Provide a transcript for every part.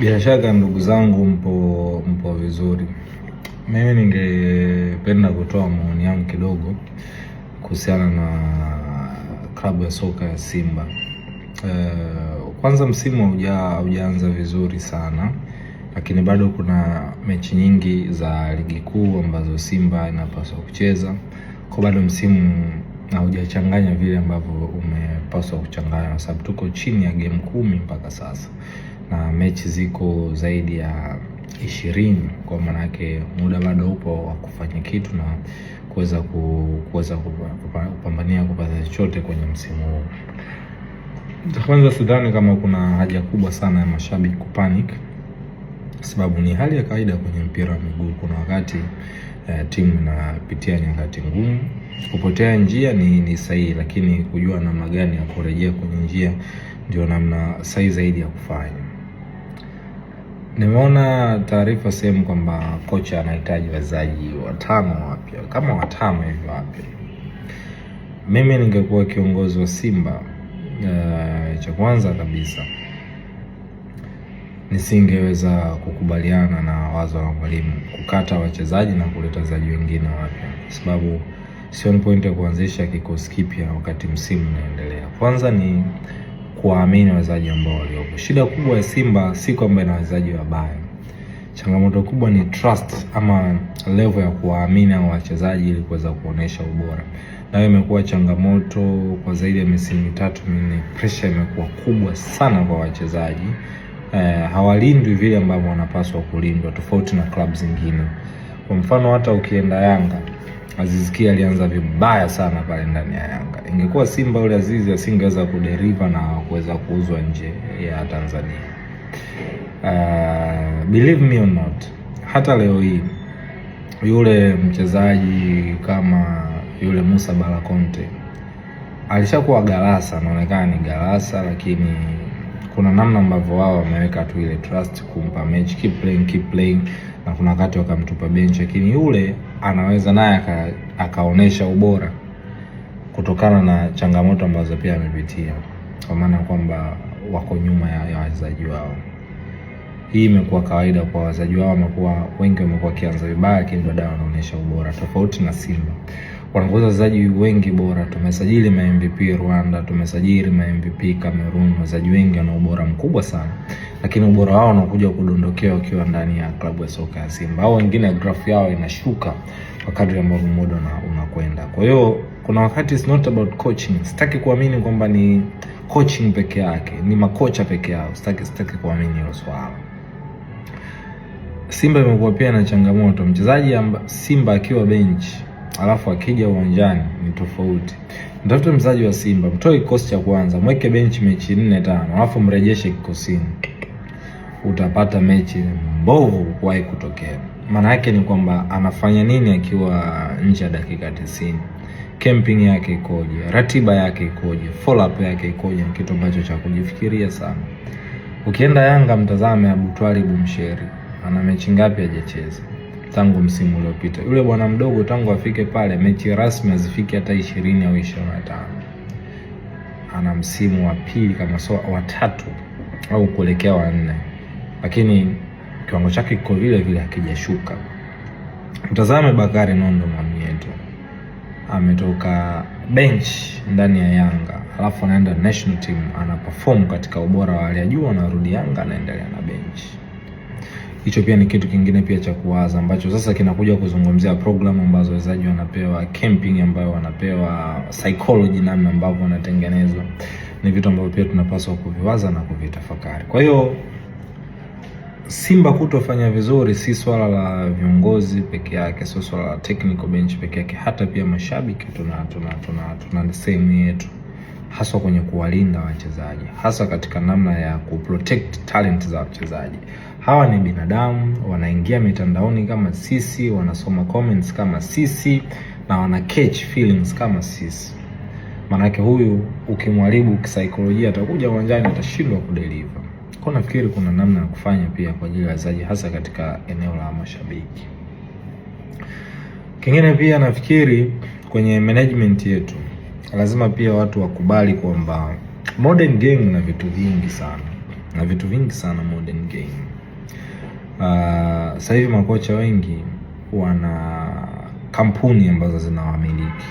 Bila shaka ndugu zangu, mpo mpo vizuri. Mimi ningependa kutoa maoni yangu kidogo kuhusiana na klabu ya soka ya Simba. Uh, kwanza msimu haujaanza vizuri sana, lakini bado kuna mechi nyingi za ligi kuu ambazo Simba inapaswa kucheza, kwa bado msimu haujachanganya vile ambavyo umepaswa kuchanganya, kwa sababu tuko chini ya game kumi mpaka sasa na mechi ziko zaidi ya ishirini, kwa maanake muda bado upo wa kufanya kitu na kuweza kuweza kupambania kupata chochote kwenye msimu huu. Kwanza sidhani kama kuna haja kubwa sana ya mashabiki kupanic, sababu ni hali ya kawaida kwenye mpira wa miguu. Kuna wakati eh, timu inapitia nyakati ngumu. Kupotea njia ni, ni sahihi, lakini kujua namna gani ya kurejea kwenye njia ndio namna sahihi zaidi ya kufanya. Nimeona taarifa sehemu kwamba kocha anahitaji wazaji watano wapya, kama watano hivyo wapya. Mimi ningekuwa kiongozi wa Simba uh, cha kwanza kabisa nisingeweza kukubaliana na wazo la mwalimu kukata wachezaji na kuleta wachezaji wengine wapya, kwa sababu sioni point ya kuanzisha kikosi kipya wakati msimu unaendelea. Kwanza ni kuwaamini wachezaji ambao waliopo. Shida kubwa ya Simba si kwamba ina wachezaji wabaya, changamoto kubwa ni trust ama level ya kuwaamini hao wachezaji ili kuweza kuonesha ubora, nayo imekuwa changamoto kwa zaidi ya misimu mitatu minne. Pressure imekuwa kubwa sana kwa wachezaji eh, hawalindwi vile ambavyo wanapaswa kulindwa, tofauti na klabu zingine. Kwa mfano hata ukienda Yanga, Aziz Ki alianza vibaya sana pale ndani ya Yanga. Ingekuwa Simba yule Aziz asingeweza kuderiva na kuweza kuuzwa nje ya Tanzania. Uh, believe me or not, hata leo hii yule mchezaji kama yule Musa Balakonte alishakuwa galasa, anaonekana ni galasa, lakini kuna namna ambavyo wao wameweka tu ile trust kumpa mechi, keep playing, keep playing na kuna wakati wakamtupa benchi, lakini yule anaweza naye akaonesha ubora kutokana na changamoto ambazo pia amepitia, kwa maana kwamba wako nyuma ya, ya wachezaji wao. Hii imekuwa kawaida kwa wachezaji wao, wamekuwa wengi wamekuwa kianza vibaya, lakini baadaye wanaonesha ubora, tofauti na Simba wanakuza wachezaji wengi bora. Tumesajili ma MVP Rwanda, tumesajili ma MVP Cameroon, wachezaji wengi wana ubora mkubwa sana lakini ubora wao unakuja kudondokea wakiwa ndani ya klabu ya soka ya Simba, au wengine grafu yao inashuka kwa kadri ambavyo muda unakwenda. Kwa hiyo kuna wakati it's not about coaching, sitaki kuamini kwamba ni coaching peke yake, ni makocha peke yao, sitaki sitaki kuamini hilo swala. Simba imekuwa pia na changamoto mchezaji amba, Simba akiwa bench alafu akija uwanjani ni tofauti. Mtafute mchezaji wa Simba, mtoe kikosi cha kwanza, mweke bench mechi nne tano, alafu mrejeshe kikosini utapata mechi mbovu kuwahi kutokea. Maana yake ni kwamba anafanya nini akiwa nje ya dakika tisini? Camping yake ikoje? Ratiba yake ikoje? Follow up yake ikoje? Ni kitu ambacho cha kujifikiria sana. Ukienda Yanga, mtazame Abutwali Bumsheri, ana mechi ngapi hajacheza tangu msimu uliopita? Yule bwana mdogo tangu afike pale, mechi rasmi hazifiki hata ishirini au ishirini na tano. Ana msimu wa pili kama so watatu au kuelekea wanne lakini kiwango chake kiko vile vile, hakijashuka. Mtazame Bakari Nondo Mwamieto ametoka bench ndani ya Yanga alafu anaenda national team ana perform katika ubora wa hali ya juu, anarudi Yanga anaendelea na bench. Hicho pia ni kitu kingine pia cha kuwaza ambacho sasa kinakuja kuzungumzia program ambazo wachezaji wanapewa, camping ambayo wanapewa, psychology namna ambavyo wanatengenezwa, ni vitu ambavyo pia tunapaswa kuviwaza na kuvitafakari. Kwa hiyo Simba kutofanya vizuri si swala la viongozi peke yake, sio swala la technical bench peke yake, hata pia mashabiki tuna tuna tuna tuna sehemu yetu, haswa kwenye kuwalinda wachezaji, hasa katika namna ya kuprotect talent za wachezaji. Hawa ni binadamu, wanaingia mitandaoni kama sisi, wanasoma comments kama sisi, na wana catch feelings kama sisi. Maanake huyu ukimwharibu kisaikolojia, atakuja uwanjani atashindwa kudeliver. Kwa nafikiri kuna namna ya kufanya pia kwa ajili ya wachezaji hasa katika eneo la mashabiki. Kingine pia nafikiri kwenye management yetu lazima pia watu wakubali kwamba modern game na vitu vingi sana na vitu vingi sana modern game. Uh, sasa hivi makocha wengi wana kampuni ambazo zinawamiliki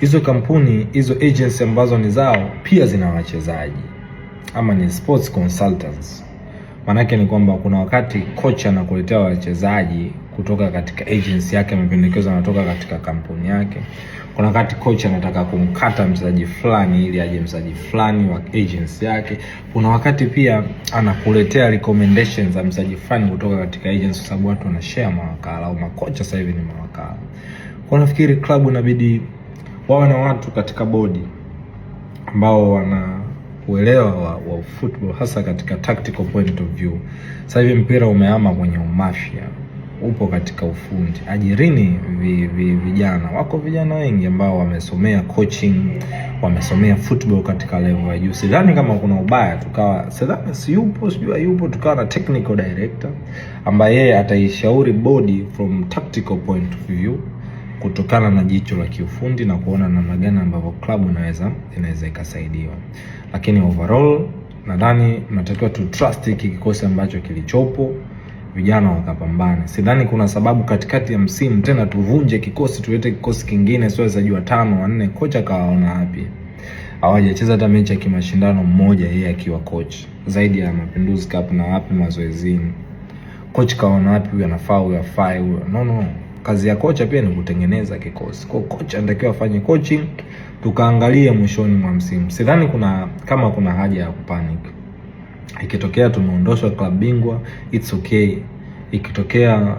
hizo kampuni, hizo agency ambazo ni zao pia zina wachezaji ama ni sports consultants. Maanake ni kwamba kuna wakati kocha anakuletea wachezaji kutoka katika agency yake, amependekezwa anatoka katika kampuni yake. Kuna wakati kocha anataka kumkata mchezaji fulani ili aje mchezaji fulani wa agency yake. Kuna wakati pia anakuletea recommendations za mchezaji fulani kutoka katika agency, kwa sababu watu wanashare mawakala au makocha sasa hivi ni mawakala. Kwa nafikiri klabu inabidi wawe na watu katika bodi ambao wana uelewa wa, wa football hasa katika tactical point of view. Sasa hivi mpira umehama kwenye umafia, upo katika ufundi. Ajirini vi, vi, vijana wako vijana wengi ambao wamesomea coaching, wamesomea football katika level ya juu. Sidhani kama kuna ubaya tukawa, sidhani si yupo, sijui hayupo, tukawa na technical director ambaye yeye ataishauri bodi from tactical point of view kutokana na jicho la kiufundi na kuona namna gani ambavyo klabu inaweza inaweza ikasaidiwa lakini overall nadhani natakiwa tu trust hiki kikosi ambacho kilichopo, vijana wakapambana. Sidhani kuna sababu katikati ya msimu tena tuvunje kikosi tulete kikosi kingine, sio wachezaji watano wanne. Kocha kawaona wapi? Hawajacheza hata mechi ya kimashindano mmoja, yeye akiwa coach zaidi ya Mapinduzi Cup na wapi mazoezini. Kocha kawaona wapi huyu anafaa, huyu afai, huyu no, no kazi ya kocha pia ni kutengeneza kikosi. Kwa kocha anatakiwa afanye coaching, tukaangalie mwishoni mwa msimu. Sidhani kuna kama kuna haja ya kupanic. Ikitokea tumeondoshwa klabu bingwa, it's okay. Ikitokea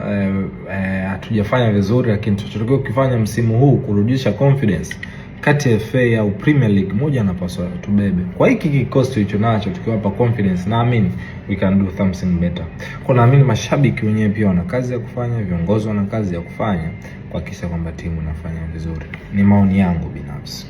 hatujafanya eh, eh, vizuri, lakini tuchotakiwa kufanya msimu huu kurudisha confidence kati ya FA au Premier League moja anapaswa tubebe. Kwa hiki kikosi tulicho nacho, tukiwapa confidence, naamini we can do something better. Kwa naamini mashabiki wenyewe pia wana kazi ya kufanya, viongozi wana kazi ya kufanya kuhakikisha kwamba timu inafanya vizuri. Ni maoni yangu binafsi.